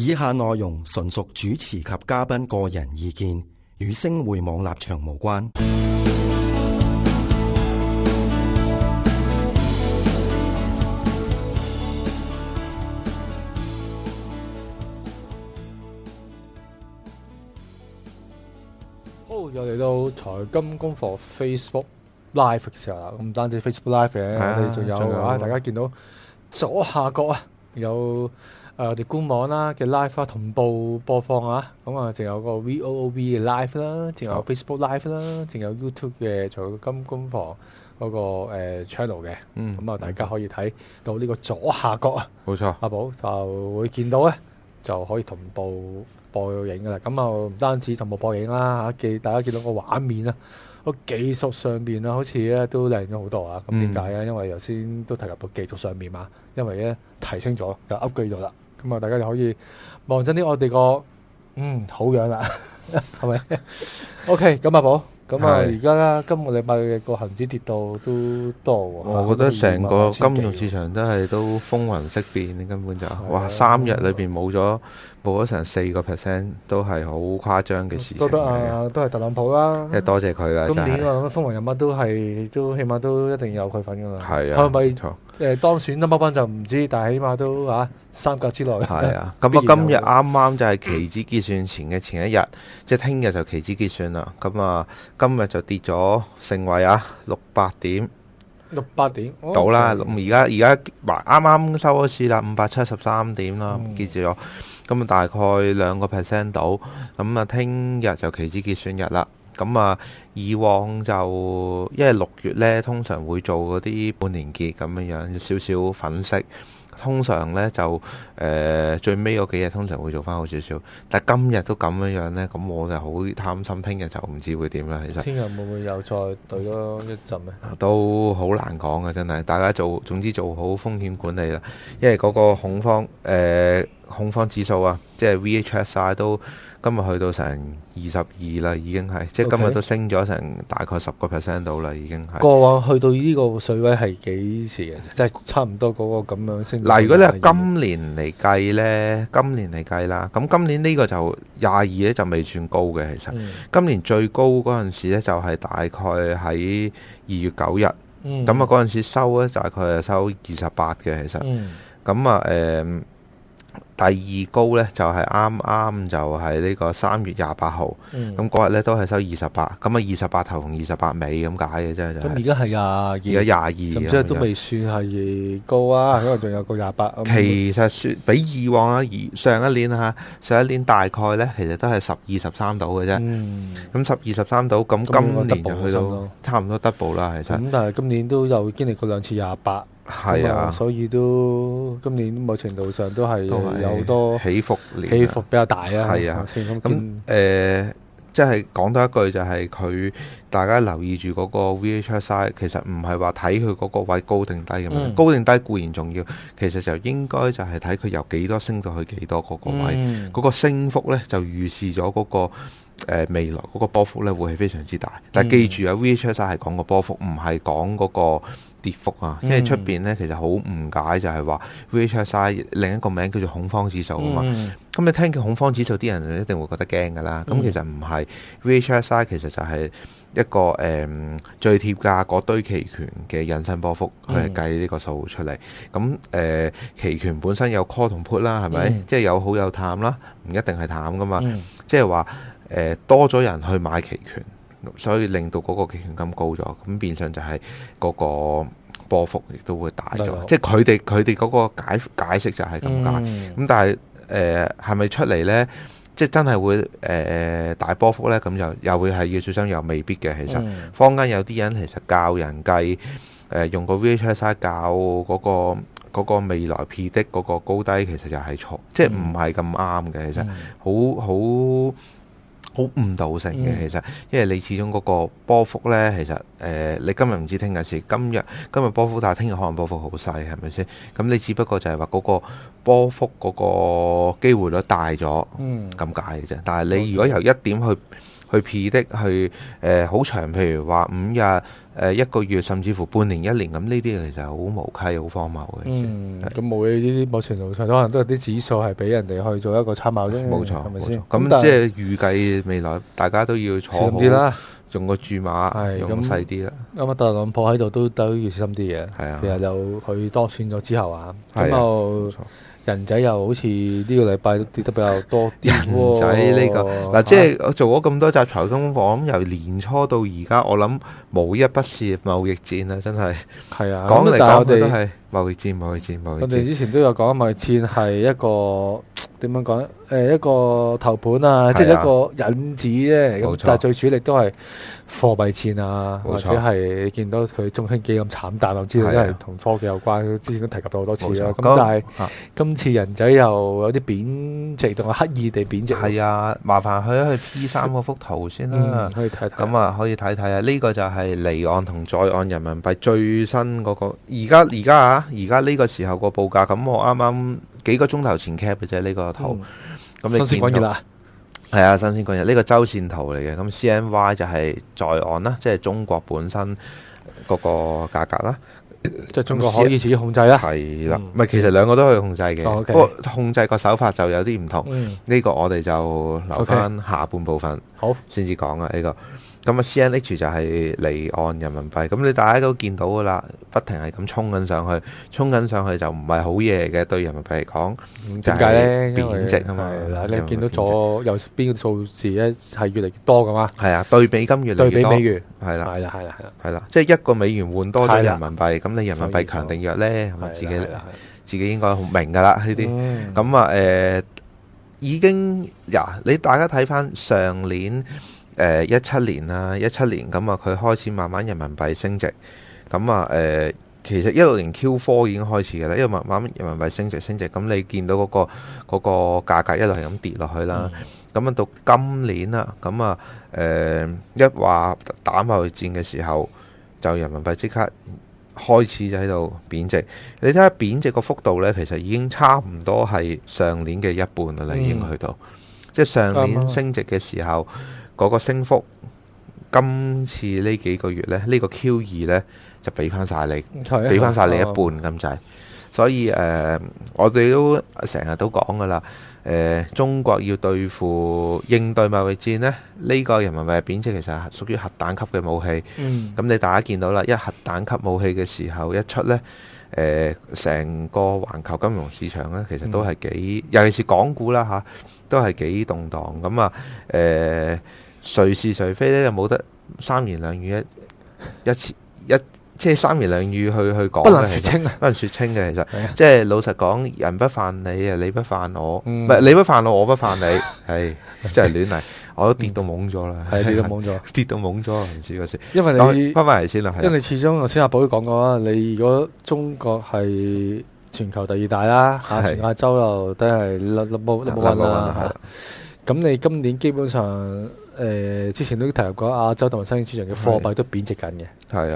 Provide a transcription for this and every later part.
以下內容純屬主持及嘉賓個人意見，與星匯網立場無關。好，又嚟到財金工房 Facebook Live 嘅時候啦，咁唔單止 Facebook Live 嘅，啊，我哋仲有，有大家見到左下角啊有。誒、啊、我哋官網啦嘅 live 啊，同步播放啊，咁啊，仲有個 V O O V 嘅 live 啦，仲有 Facebook live 啦，仲有 YouTube 嘅仲財金工房嗰、那個、呃、channel 嘅，嗯，咁啊，大家可以睇到呢個左下角啊，冇錯，阿寶就會見到咧，就可以同步播映噶啦。咁啊，唔單止同步播映啦，嚇、啊、技大家見到個畫面啊，個技術上邊啊，好似咧都靚咗好多啊。咁點解啊？因為頭先都提及到技術上面嘛，因為咧提升咗又 upgrade 咗啦。咁啊，大家就可以望真啲我哋個嗯好樣啦，係咪？OK，噉啊，阿寶。咁啊！而家今個禮拜嘅個恒指跌到都多喎。我覺得成個金融市場都係都風雲色變，根本就哇三日裏邊冇咗冇咗成四個 percent，都係好誇張嘅事情。覺得啊，都係特朗普啦。即係多謝佢啦。今年啊，風雲人物都係都起碼都一定要有佢份噶啦。係啊。可唔可以？當選乜乜乜就唔知，但係起碼都啊，三甲之內。係啊。咁啊，今日啱啱就係期指結算前嘅前一日，即係聽日就期指結算啦。咁啊。今日就跌咗成為啊，六百點,點，六、oh, 百、okay. 點到啦。咁而家而家，啱啱收咗市啦，五百七十三點啦，記住咗。咁啊、mm. 嗯，大概兩個 percent 到。咁啊，聽、嗯、日、嗯、就期指結算日啦。咁、嗯、啊，以往就因為六月呢，通常會做嗰啲半年結咁樣樣，少少粉飾。通常呢，就誒、呃、最尾嗰幾日通常會做翻好少少，但今日都咁樣呢，咧，咁我就好貪心，聽日就唔知會點啦。其實聽日會唔會又再對多一陣呢？都好難講㗎，真係大家做總之做好風險管理啦，因為嗰個恐慌誒、呃、恐慌指數啊，即係 VHSI 都。今日去到成二十二啦，已經係，即係今日都升咗成大概十個 percent 到啦，已經係。過往 Okay. 去到呢個水位係幾時嘅？即係差唔多嗰個咁樣升。嗱，如果你係今年嚟計呢，今年嚟計啦，咁今年呢個就廿二咧就未算高嘅，其實。嗯、今年最高嗰陣時呢，就係大概喺二月九日。嗯。咁啊，嗰陣時收呢，就大概係收二十八嘅，其實。嗯。咁啊、嗯，誒。第二高呢，就係啱啱就係呢個三月廿八號，咁嗰日呢，都係收二十八，咁啊二十八頭同二十八尾咁解嘅啫。咁而家係廿二，廿二，即係都未算係高啊，嗯、因為仲有個廿八。其實算比以往啊，上一年啊，上一年大概呢，其實都係十二十三度嘅啫。咁十二十三度，咁今年就去到差唔多 double 啦，其實。咁、嗯、但係今年都有經歷過兩次廿八。係啊，所以都今年某程度上都係有有好多起伏，起伏比較大係啊。係啊，咁誒，即係、呃就係、講多一句就係佢，大家留意住嗰個 VHSI 其實唔係話睇佢嗰個位高定低咁樣、嗯、高定低固然重要，其實就應該就係睇佢由幾多升到去幾多嗰個位，嗰、嗯、個升幅咧就預示咗嗰、嗰個、呃、未來嗰個波幅咧會係非常之大。但係記住啊，VHSI、嗯、VHSI 係講個波幅，唔係講嗰個。跌幅啊，因為出邊咧其實好誤解，就係話 VHSI 另一個名叫做恐慌指數啊嘛。咁、嗯、你聽見恐慌指數，啲人就一定會覺得驚噶啦。咁、嗯、其實唔係 VHSI，其實就係一個誒、嗯、最貼價嗰堆期權嘅引伸波幅去計呢個數出嚟。咁誒期權本身有 call 同 put 啦，係咪、嗯？即係有好有淡啦，唔一定係淡噶嘛。嗯、即係話誒多咗人去買期權，所以令到嗰個期權金高咗，咁變相就係嗰、嗰個，波幅亦都會大咗，吧即係佢哋佢哋嗰個解解釋就係咁解。咁、嗯、但係誒係咪出嚟呢？即係真係會誒、呃、大波幅呢？咁又又會係要小心，又未必嘅。其實、嗯、坊間有啲人其實教人計誒、呃、用、個 VHSI 教嗰個未來 P 的嗰個高低其實係錯，嗯，是，其實就係錯，即係唔係咁啱嘅。其實好好。好誤導性嘅，其實，因為你始終嗰個波幅呢，其實誒、呃，你今日唔知聽日事，今日今日波幅大，聽日可能波幅好細，係咪先？咁你只不過就係話嗰個波幅嗰個機會率大咗，嗯，咁解嘅啫。但係你如果由一點去，去 P 的去，誒好長，譬如話五日，誒一個月，甚至乎半年一年咁，呢啲其實好無稽、好荒謬嘅事。嗯，咁冇呢啲，目前路上可能都有啲指數係俾人哋去做一個參考冇錯，係咪先？咁即係預計未來大家都要坐好啲啦，用個注碼，用細啲啦。咁啊，特朗普喺度都都要小心啲嘢。係啊，其實就佢當選咗之後啊，咁就。人仔又好似呢個禮拜都跌得比較多啲喎。人仔呢個，嗱，即係我做咗咁多集財金工房，由年初到而家，我諗冇一不是貿易戰啊，真係。係啊，講嚟講去都係貿易戰，貿易戰，貿易戰。我哋之前都有講貿易戰係一個點樣講？誒，一個頭盤啊，即係一個引子啫。冇錯，但係最主力都係貨幣錢啊，或者係見到佢，中興幾咁慘淡，我知道都係同科技有關。之前都提及咗好多次啦。咁但係今次人仔又有啲貶值，同埋刻意地貶值。係啊，麻煩去一去 P 三嗰幅圖先啦。去睇睇。咁啊，可以睇睇啊。呢個就係離岸同在岸人民幣最新嗰個。而家而家啊，而家呢個時候個報價。咁我啱啱幾個鐘頭前 cap 嘅啫呢個圖。咁新鮮講嘢啦，係啊，新鮮講嘢。呢個周線圖嚟嘅，咁 CNY 就係在岸啦，即係中國本身嗰個價格啦，即係中國可以自己控制啦。係啦，唔係、嗯、其實兩個都可以控制嘅，不過、哦 okay. 哦、控制個手法就有啲唔同。嗯、呢個我哋就留翻下，okay. 下半部分好先至講啊呢個。咁啊，C N H 就係離岸人民幣。咁你大家都見到噶啦，不停係咁衝緊上去，衝緊上去就唔係好嘢嘅對人民幣嚟講。點解咧？貶值啊嘛。你見到咗右邊嘅數字咧，係越嚟越多噶嘛？係啊，對比金越嚟越多。對比美元係啦，係啦，係啦，係啦，係啦，即係一個美元換多咗人民幣。咁你人民幣強定弱咧？係咪自己自己應該明噶啦？呢啲咁啊，誒已經呀，你大家睇翻上年。誒，一七年啦，一七年咁啊，佢開始慢慢人民幣升值。咁啊，誒，其實一六年 Q four 已經開始噶啦，因為慢慢人民幣升值升值，咁你見到嗰個嗰個價格一路係咁跌落去啦，咁啊到今年啦，咁啊，誒一話打貿易戰嘅時候，就人民幣即刻開始就喺度貶值，你睇下貶值個幅度呢，其實已經差唔多係上年嘅一半啦，已經、嗯、去到，即係上年升值嘅時候。嗰個升幅，今次呢幾個月呢，呢、這個 Q 二呢，就俾翻晒你，俾翻晒你一半咁就係。所以誒、呃，我哋都成日都講噶啦。誒、呃，中國要對付應對貿易戰呢，呢、這個人民幣貶值其實係屬於核彈級嘅武器。咁你、嗯、大家見到啦，一核彈級武器嘅時候一出呢，誒、呃，成個環球金融市場呢，其實都係幾，嗯、尤其是港股啦嚇、啊，都係幾動蕩咁啊。呃誰是誰非咧，又冇得三言兩語一一次一即係三言兩語去去講，不能說清不能說清嘅其實，即係老實講，人不犯你啊，你不犯我，唔係你不犯我，我不犯你，係真係亂嚟，我都跌到懵咗啦，係跌到懵咗，跌到懵咗，唔知個時因為你翻翻嚟先啦，係，因為始終頭先阿寶都講過啊，你如果中國係全球第二大啦，全亞洲又都係冇冇冇啦。咁你今年基本上。誒、呃、之前都提及過亞洲同埋生意市場嘅貨幣的都貶值緊嘅，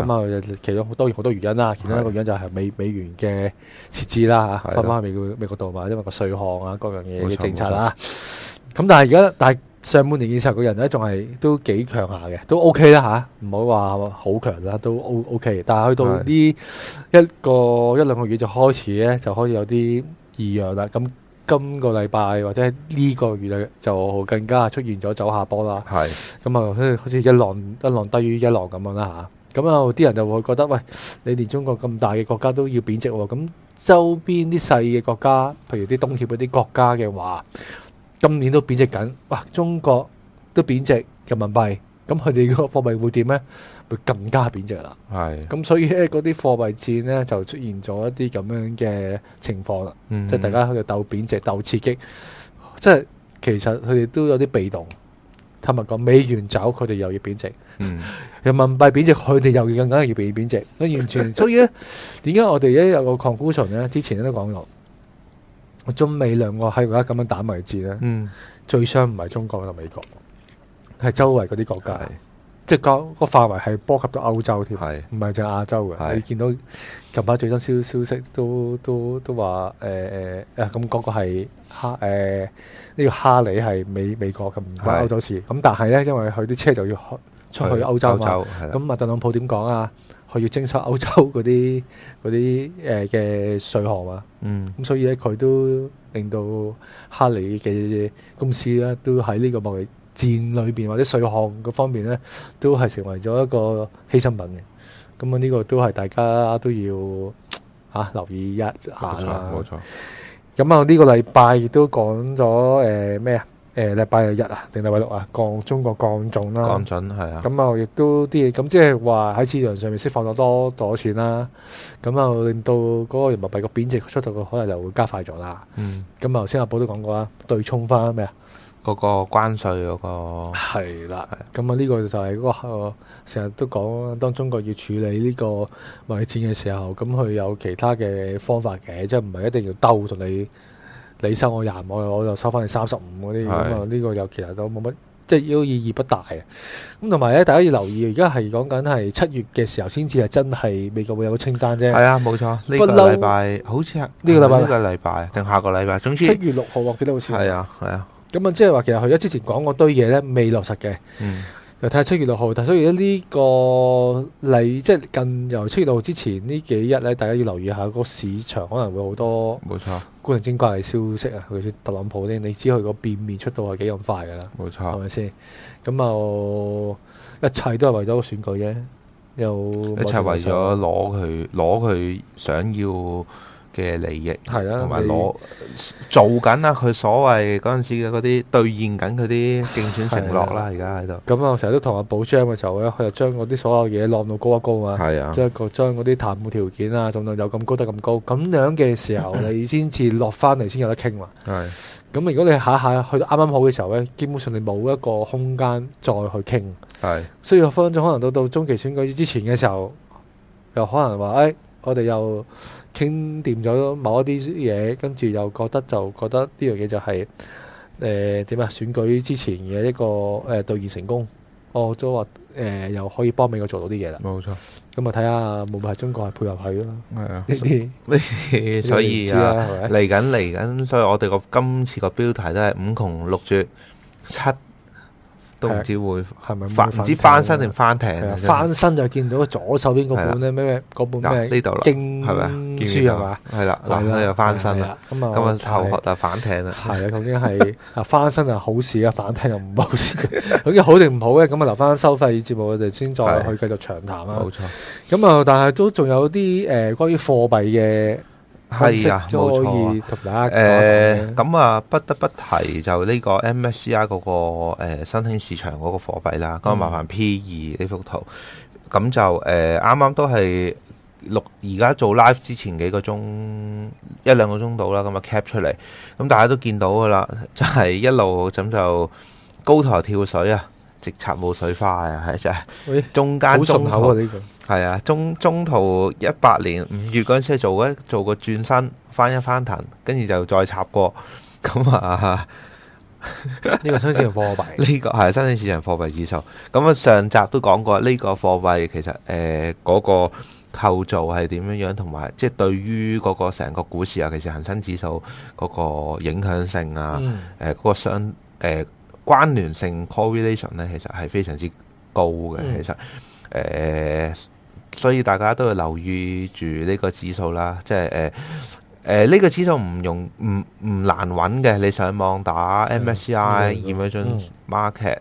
咁啊的，其中好多好多原因啦。其中一個原因就係美美元嘅設置啦，嚇，放翻的美國美國度嘛，因為個稅項啊各樣嘢嘅政策啦。咁錯、嗯、但係而家但係上半年嘅時候，個人咧仲係都幾強下嘅，都 OK 啦吓，唔好話好強啦，都 O OK。但係去到呢一個一的兩個月就開始咧，就開始有啲異樣啦。咁今個禮拜或者呢個月就更加出現咗走下坡啦，係咁啊，好似一浪一浪低於一浪咁樣啦吓，咁啊有啲人就會覺得喂，你連中國咁大嘅國家都要貶值喎，咁周邊啲細嘅國家，譬如啲東協嗰啲國家嘅話，今年都貶值緊，哇，中國都貶值人民幣。咁佢哋個貨幣會點咧？會更加貶值啦。係。咁所以咧，嗰啲貨幣戰咧就出現咗一啲咁樣嘅情況啦。嗯、哼 即係大家喺度鬥貶值、鬥刺激，即係其實佢哋都有啲被動。坦白講，美元走，佢哋又要貶值。嗯。人民幣貶值，佢哋又要更加要被貶值。完全所以咧，點解 我哋一有個 conclusion 咧？之前都講過，中美兩個喺而家咁樣打貿易戰咧。嗯。最傷唔係中國同美國。係周圍嗰啲國家，即係個個範圍係波及到歐洲添，唔係淨係亞洲嘅。你見到近排最新消消息都都都話誒誒，啊咁嗰個係哈誒呢個哈利係美美國嘅，唔關歐洲事。咁但係咧，因為佢啲車就要去出去歐洲啊嘛。咁麥特特朗普點講啊？佢要徵收歐洲嗰啲嗰啲誒嘅稅項啊。嗯。咁所以咧，佢都令到哈利嘅公司咧都喺呢個貿易。戰裏邊或者稅項嗰方面咧，都係成為咗一個犧牲品嘅。咁啊，呢個都係大家都要、啊、留意一下啦。冇錯，咁啊呢個禮拜亦都講咗誒咩啊？誒，禮拜日一啊，定禮拜六啊，降中國降準啦，啊。降準係啊。咁啊，亦都啲嘢咁即係話喺市場上面釋放咗多多錢啦。咁啊，那令到嗰個人民幣個貶值速度個可能就會加快咗啦。嗯。咁啊，頭先阿寶都講過啦，對沖翻、咩啊？嗰個關稅嗰個係啦，咁啊呢個就係嗰個成日都講，當中國要處理呢個貿易戰嘅時候，咁佢有其他嘅方法嘅，即係唔係一定要兜。同你你收我廿，我我就收翻你三十五嗰啲，咁啊呢個又其實都冇乜，即係要意義不大嘅。咁同埋咧，大家要留意，而家係講緊係七月嘅時候先至係真係美國會有個清單啫。係啊，冇錯，呢個禮拜好似係呢個禮拜定下個禮拜，總之七月六號我記得好似係啊，係啊。咁啊，即係話其實佢一之前講嗰堆嘢咧，未落實嘅。嗯。又睇下七月六號，但所以呢個例，即係近由七月六號之前呢幾日咧，大家要留意下個市場可能會好多。冇錯。古靈精怪嘅消息啊，佢沒錯 特朗普啲，你知佢個變面速度係幾咁快噶啦。冇錯沒錯。係咪先？咁、呃、啊，一切都係為咗個選舉啫。又一切為咗攞佢攞佢想要嘅利益，係啦的，同埋攞做緊啦。佢所謂嗰陣時嘅嗰啲兌現緊佢啲競選承諾啦，而家喺度。咁啊，成日都同阿寶將嘅時候咧，佢就將嗰啲所有嘢晾到高一高啊，係啊的，即係個將嗰啲談判條件啊，仲有又咁高得咁高，咁樣嘅時候你先至落翻嚟先有得傾嘛。係的。咁如果你下下去到啱啱好嘅時候咧，基本上你冇一個空間再去傾。係的。所以分分鐘可能到到中期選舉之前嘅時候，又可能話誒、哎，我哋又。傾掂咗某一啲嘢，跟住又覺得就覺得呢樣嘢就係誒點啊？選舉之前嘅一個誒兌現成功，我都話誒又可以幫美國做到啲嘢啦。冇錯，咁啊睇下會唔會係中國係配合佢咯？係啊，呢啲所以啊，嚟緊嚟緊，所以我哋個今次個標題都係五窮六絕七。都唔知會係咪翻，唔知翻身定翻艇？翻身就見到左手邊嗰本咧，咩咩嗰本咩經書係嘛？係啦，嗱佢又翻身啦。咁啊，後學就反艇啦。係啊，究竟係啊翻身啊好事啊，反艇又唔好事。究竟好定唔好咧？咁啊，留翻收費節目我哋先再去繼續長談啦。冇錯。咁啊，但係都仲有啲誒關於貨幣嘅。係啊，冇錯。咁啊，呃、不得不提就呢個 MSCI 嗰、嗰個、呃、新興市場嗰個貨幣啦。咁啊，麻煩 P 二呢幅圖，咁就誒啱啱都係錄而家做 live 之前幾個鐘一兩個鐘到啦。咁啊，cap 出嚟，咁大家都見到噶啦，就係、係、一路咁就高台跳水啊！直插冇水花啊，係真係。中間中途係啊，中中途一八年五月嗰陣時做過，做一做個轉身翻一翻騰，跟住就再插過。咁、嗯、啊，呢個新興市場貨幣，呢、呢個係新興市場貨幣指數。咁、嗯、啊，上集都講過呢、呢個貨幣其實誒嗰、呃嗰個構造係點樣樣，同埋即係對於嗰個成個股市啊，尤其是恒生指數嗰個影響性啊，誒嗰、嗯呃嗰個商誒。呃關聯性 correlation 咧，其實係非常之高嘅。其實，誒、呃，所以大家都要留意住呢個指數啦。即係誒誒，呢、呃呃呢個指數唔用唔唔難揾嘅。你上網打 MSCI Emerging Market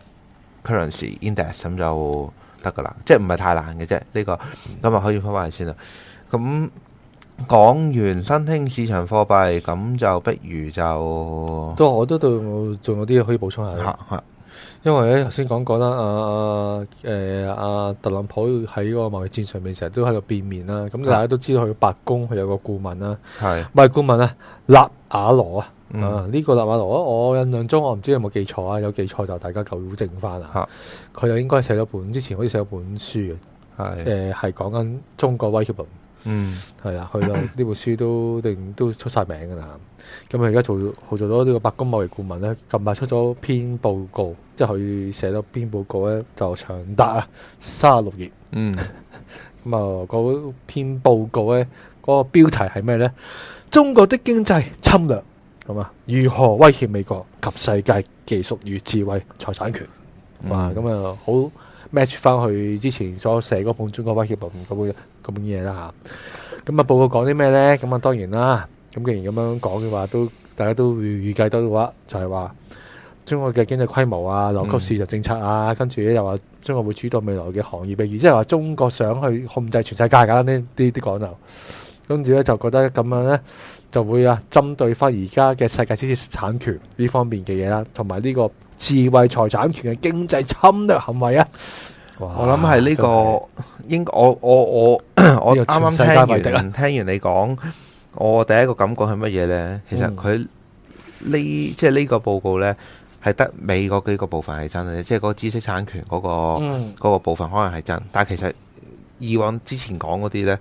Currency Index 咁就得噶啦，即係唔係太難嘅啫。呢、呢個咁啊，咁就可以翻翻嚟先啦。咁、嗯。講完新興市場貨幣，咁就不如就都，我都對我仲有啲嘢可以補充下。吓吓，因為咧頭先講過啦，誒、啊、阿、啊啊、特朗普喺個貿易戰上面成日都喺度變面啦。咁大家都知道佢白宮佢有個顧問啦，係唔係顧問羅、嗯、啊？納、這個、瓦羅啊，啊呢個納瓦羅，我印象中我唔知有冇記錯啊，有記錯就大家糾正翻啊。佢就是應該寫咗本，之前好似寫咗本書嘅，係誒係講緊中國威脅嗯，係啦、啊，到呢本書都定都出晒名噶啦，咁佢而家做做咗呢個白宮貿易顧問咧，近排出咗篇報告，即係佢寫咗篇報告咧，就長達三十六頁。嗯，咁啊， 嗰篇報告咧，嗰、嗰個標題係咩咧？中國的經濟侵略，咁啊，如何威脅美國及世界技術與智慧財產權？哇、嗯，咁啊、嗯，好。match 翻去之前所寫嗰本，本《中國威脅論》嗰本嗰本嘢啦嚇，咁啊報告講啲咩咧？咁啊當然啦，咁既然咁樣講嘅話，都大家都會預計到嘅話，就係話中國嘅經濟規模啊、扭曲市場政策啊，跟住咧又話中國會主導未來嘅行業，譬如即係話中國想去控制全世界噶呢啲講就，跟住咧就覺得咁樣咧就會啊針對翻而家嘅世界知識產權呢方面嘅嘢啦，同埋呢個。智慧財產權嘅經濟侵略行為啊！我諗係呢個應我我我我啱啱聽完聽完你講，我第一個感覺係乜嘢呢？其實佢呢即係呢個報告呢，係得美國嗰幾個部分係真嘅，即係嗰知識產權嗰個嗰個部分可能係真的，但係其實以往之前講嗰啲呢，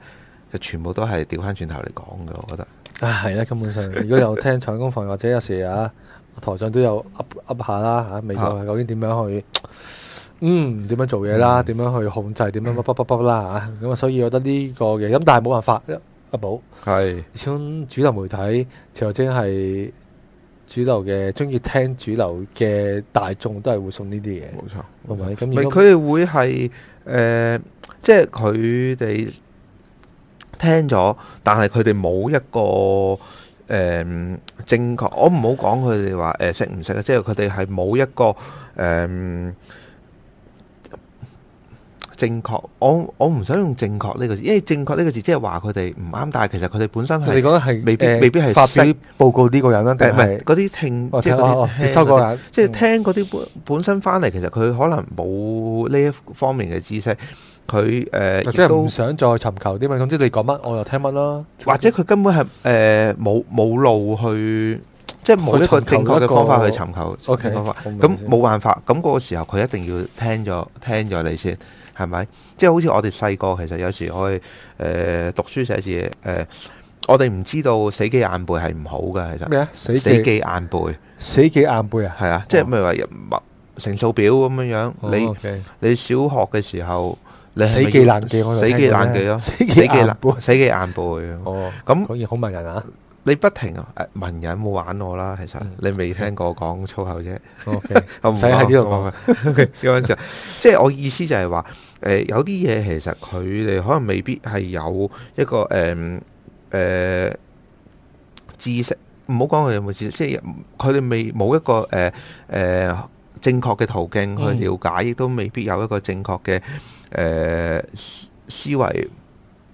就全部都係調翻轉頭嚟講嘅，我覺得。啊，係啊，根本上，如果有聽財金工房，或者有時啊。台上都有噏噏下啦吓未就究竟點樣去、啊、嗯點樣做嘢啦？點、嗯、樣去控制？點、嗯、樣乜乜乜乜啦吓咁啊，所以我覺得呢個嘅咁，但係冇辦法阿、啊、寶，係是主流媒體就真係主流嘅，中意聽主流嘅大眾都係會送呢啲嘢，冇錯，同埋咁，唔係佢哋會係誒，即係佢哋聽咗，但係佢哋冇一個。誒、嗯，正確，我唔好講佢哋話誒識唔識啊？即係佢哋係冇一個誒、嗯、正確，我我唔想用正確呢個字，因為正確呢個字即係話佢哋唔啱，但係其實佢哋本身，你係未必未必係發表報告呢個人，但係係嗰啲聽、哦、聽即係、哦、聽、聽即係聽嗰啲本本身翻嚟，其實佢可能冇呢一方面嘅知識。佢誒，即係唔想再尋求啲嘛。總之你講乜，我又聽乜囉。或者佢根本係誒冇冇路去，即係冇一個正確嘅方法去尋求 OK 方法。咁冇辦法，咁嗰個時候佢一定要聽咗聽咗你先係咪？即係好似我哋細個其實有時可以誒讀書寫字誒，我哋唔知道死記硬背係唔好㗎，其實咩啊？死記硬背，死記硬背啊？係啊，即係咪話乘數表咁樣樣？你你小學嘅時候。死記爛記，死記爛記咯，死記爛背，死記硬背哦。咁講嘢好文人啊？你不停啊，文人冇玩我啦。其實你未聽過我講粗口啫。OK，我唔使喺呢度講啊？呢蚊就即係我意思就係話，誒，有啲嘢其實佢哋可能未必係有一個誒誒知識，唔好講佢有冇知識，即係佢哋未冇一個誒誒正確嘅途徑去了解，亦都未必有一個正確嘅。誒、呃，思思維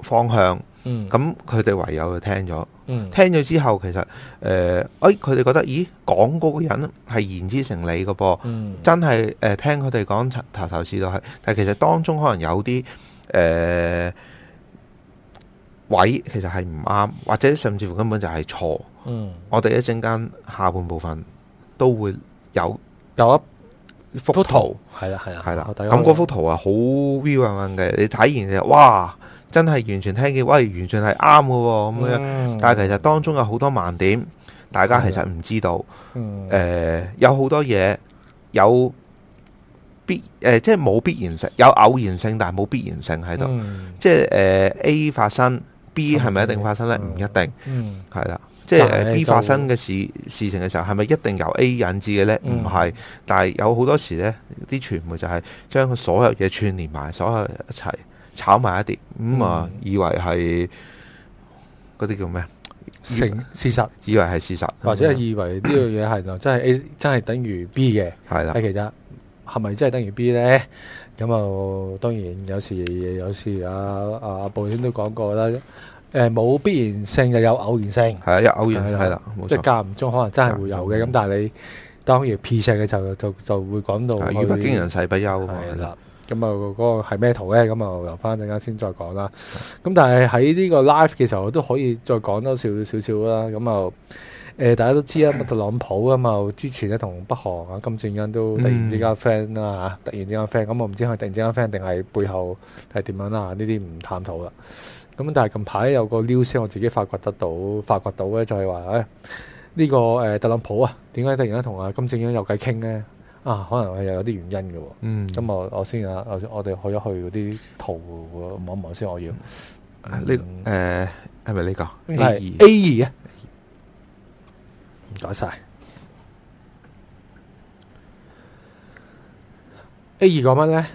方向，咁佢哋唯有就聽咗，嗯、聽聽咗之後，其實，誒、呃，哎，佢哋覺得，咦，講嗰個人係言之成理㗎噃，嗯、真係，誒、呃，聽佢哋講頭頭是道係，但係其實當中可能有啲，誒、呃，位其實係唔啱，或者甚至乎根本就係錯，嗯、我哋一陣間下半部分都會有有一。幅圖係啦係啊係啦，咁嗰幅圖啊好 view 嘅，你睇完就哇，真係完全聽見，喂，完全係啱嘅咁樣。嗯、但係其實當中有好多盲點，大家其實唔知道。誒、呃，有好多嘢有必誒、呃，即係冇必然性，有偶然性，但係冇必然性喺度。嗯、即係誒、呃、，A 發生，B 係咪一定發生呢？唔、嗯、一定，係啦、嗯。即係 B 發生嘅事事情嘅時候，係咪一定由 A 引致嘅咧？唔係，嗯、但係有好多時咧，啲傳媒就係將所有嘢串連埋，所有一齊炒埋一碟，咁、嗯、啊，嗯、以為係嗰啲叫咩？成事實，事實，以為係事實，或者以為呢樣嘢係就真係 A 真係等於 B 嘅，係啦。但其實係咪真係等於 B 咧？咁啊，當然有時嘢嘢，有時啊，阿阿布都講過啦。誒冇必然性，又有偶然性，係啊，有偶然係啦，是即係間唔中可能真係會有嘅。咁的但係你當然撇石嘅就就就，就會講到語不驚人，死不休。係啦的，咁啊嗰個係咩圖咧？咁啊留翻陣間先再講啦。咁的但係喺呢個 live 嘅時候，都可以再講多少少少啦。咁啊誒，大家都知啦，特朗普啊嘛，之前咧同北韓啊金正恩都突然之間 friend 啦，突然之間 friend。咁我唔知佢突然之間 friend 定係背後係點樣啦？呢啲唔探討啦。咁但係近排有個 news 我自己發掘得到，發掘到咧就係話，呢、哎這個特朗普啊，點解突然間同啊金正恩有偈傾咧？啊，可能係有啲原因嘅喎。嗯，咁我、嗯、我先啊，我我哋去咗去嗰啲圖望一望先，我要呢誒係咪呢個 A 二、呃這個、是 A 2啊 A 2?？唔該晒 A 二講乜咧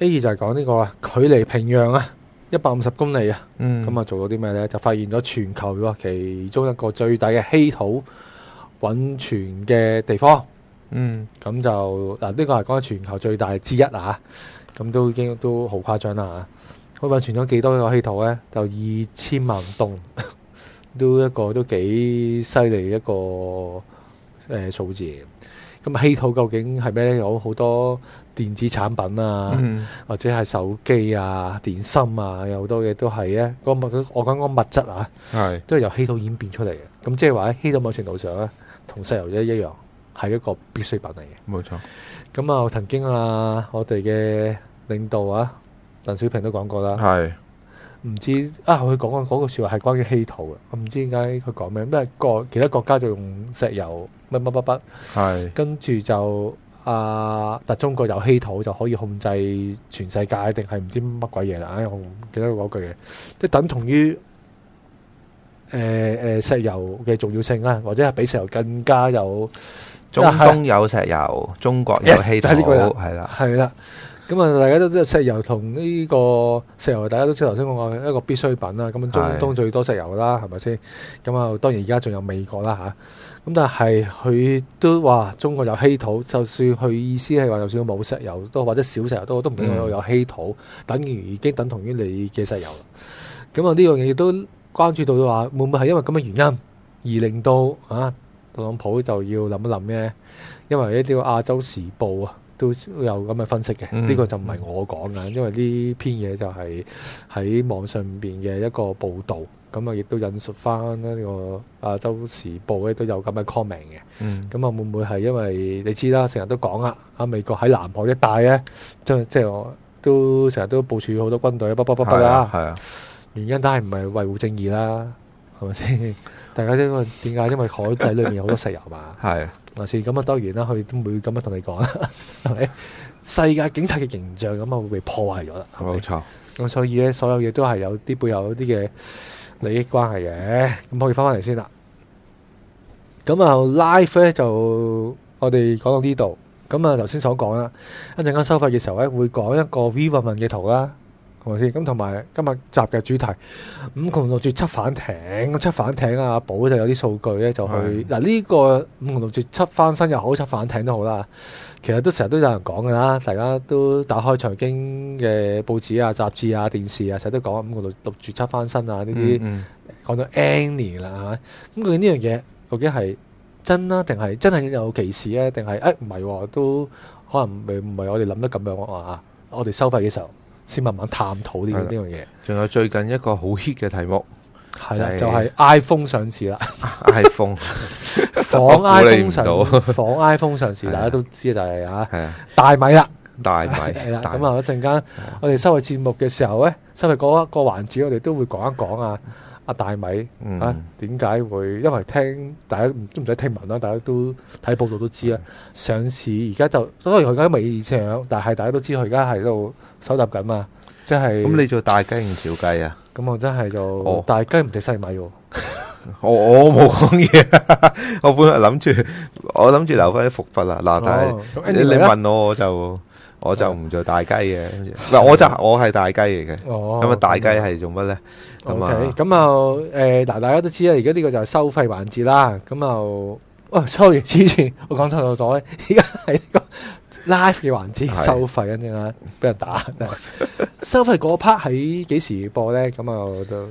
？A 二就係講呢個距離平壤啊。一百五十公里啊，咁啊做咗啲咩咧？嗯、就發現咗全球其中一個最大嘅稀土蘊存嘅地方。嗯就，咁、啊這個，就嗱呢個係講全球最大之一啊，咁都已經都好誇張啦吓。佢蘊存咗幾多嘅稀土咧？就二千萬噸， 都一個都幾犀利一個誒數、呃、字。咁、啊、稀土究竟係咩？有好多。電子產品啊，嗯、哼 或者係手機啊、電芯啊，有好多嘢都係啊。個物，我講個物質啊，是 都係由稀土演變出嚟嘅。咁即係話喺稀土某程度上咧、啊，同石油一一樣，係一個必需品嚟嘅。冇沒錯。咁啊，曾經啊，我哋嘅領導啊，鄧小平都講過啦。唔是 知啊，佢講過嗰個説話係關於稀土嘅。我唔知點解佢講咩，咩？因為其他國家就用石油乜乜乜乜，係是 跟住就。啊！但中國有稀土就可以控制全世界，定係唔知乜鬼嘢啦？哎，我唔記得嗰句嘢，即係等同於誒誒，石油嘅重要性啦，或者係比石油更加有中東有石油，啊、中國有稀土，係啦、yes，係啦、啊。咁啊，大家都知，石油同呢個石油，大家都知。係頭先講嘅一個必需品啦。咁中東，最多石油啦，係咪先？咁啊，當然而家仲有美國啦吓，咁但係佢都話中國有稀土，就算佢意思係話，就算冇石油都或者少石油都好，都唔會有稀土，是的 等於已經等同於你嘅石油。咁啊，呢樣嘢都關注到話，會唔會係因為咁嘅原因而令到啊特朗普就要諗一諗呢？因為呢啲亞洲時報啊。都有咁嘅分析嘅，呢、嗯、個就唔係我講嘅，嗯、因為呢篇嘢就係喺網上邊嘅一個報導。咁啊亦都引述翻呢個《亞洲時報》咧都有咁嘅 comment 嘅。嗯，咁啊會唔會係因為你知啦，成日都講啦，啊美國喺南海一帶咧，即即我都成日都部署好多軍隊，不不不啦，係啊，係啊原因都係唔係維護正義啦？係咪先？大家知嘛？點解？因為海底裏面有好多石油嘛。係。啊，是。咁啊，當然啦，佢都唔會咁樣同你講啦。係咪？世界警察嘅形象咁啊，會被破壞咗啦。冇錯。咁所以咧，所有嘢都係有啲背後啲嘅利益關係嘅。咁可以翻翻嚟先啦。咁啊，live 咧就我哋講到呢度。咁啊，頭先所講啦。一陣間收費嘅時候咧，會講一個 Vivian 嘅圖啦。咁，同埋今日集嘅主題，五窮六絕七反艇，七反艇啊！寶就有啲數據咧，就去嗱呢是的、啊呢個五紅六柱七翻身又好，七反艇都好啦。其實都成日都有人講噶啦，大家都打開財經嘅報紙啊、雜誌啊、電視啊，成日都講五窮六六絕七翻身啊。呢啲講咗 N 年啦咁、啊、究竟呢樣嘢究竟係真啦，定係真係有歧視呢？定係哎，唔、啊、係、啊、都可能唔係我哋諗得咁樣啊？我哋收費嘅時候。先慢慢探討呢呢樣嘢，仲有最近一個好 hit 嘅題目，係啦，就係 iPhone 上市啦。iPhone 仿 iPhone 常仿 iPhone 上市，大家都知就係啊，大米啦，大米係啦。咁啊，一陣間我哋收尾節目嘅時候咧，收尾嗰個環節，我哋都會講一講啊。阿大米啊點解會？因為聽大家唔都唔使聽聞啦，大家都睇報道都知啦。嗯、上市而家就，雖然佢而家都未上，但係大家都知佢而家喺度收集緊嘛。即係咁，那你做大雞唔調雞啊？咁我真係就，哦、大雞唔食細米喎，啊。 我，哦、 我冇講嘢，我本嚟諗住我諗住留翻啲伏筆啦。嗱，但係，哦、你問我我就。我就唔做大雞嘅、oh，唔係我就我係大雞嚟嘅。咁啊，大雞係做乜咧？咁啊 Okay, 就，咁啊，誒嗱，大家都知啦。而家呢個就係收費環節啦。咁啊，哦，收完之前我講錯咗，依家喺呢個 live 嘅環節收費，跟住啊俾人打。 收費嗰 part 喺幾時播咧？咁啊，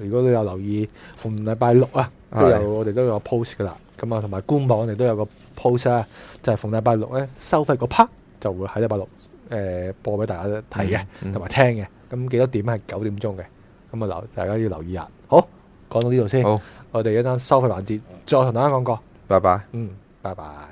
如果你有留意逢禮拜六啊，都有是我哋都有 post 㗎喇。咁啊，同埋官網我哋都有個 post 啊，就係逢禮拜六咧，收費嗰 part 就會喺禮拜六。誒播俾大家睇嘅，同埋、嗯嗯、聽嘅，咁幾多點？係九點鐘嘅，咁啊留大家要留意下。好，講到呢度先，好，我哋一陣收費環節，再同大家講過，拜拜。嗯，拜拜。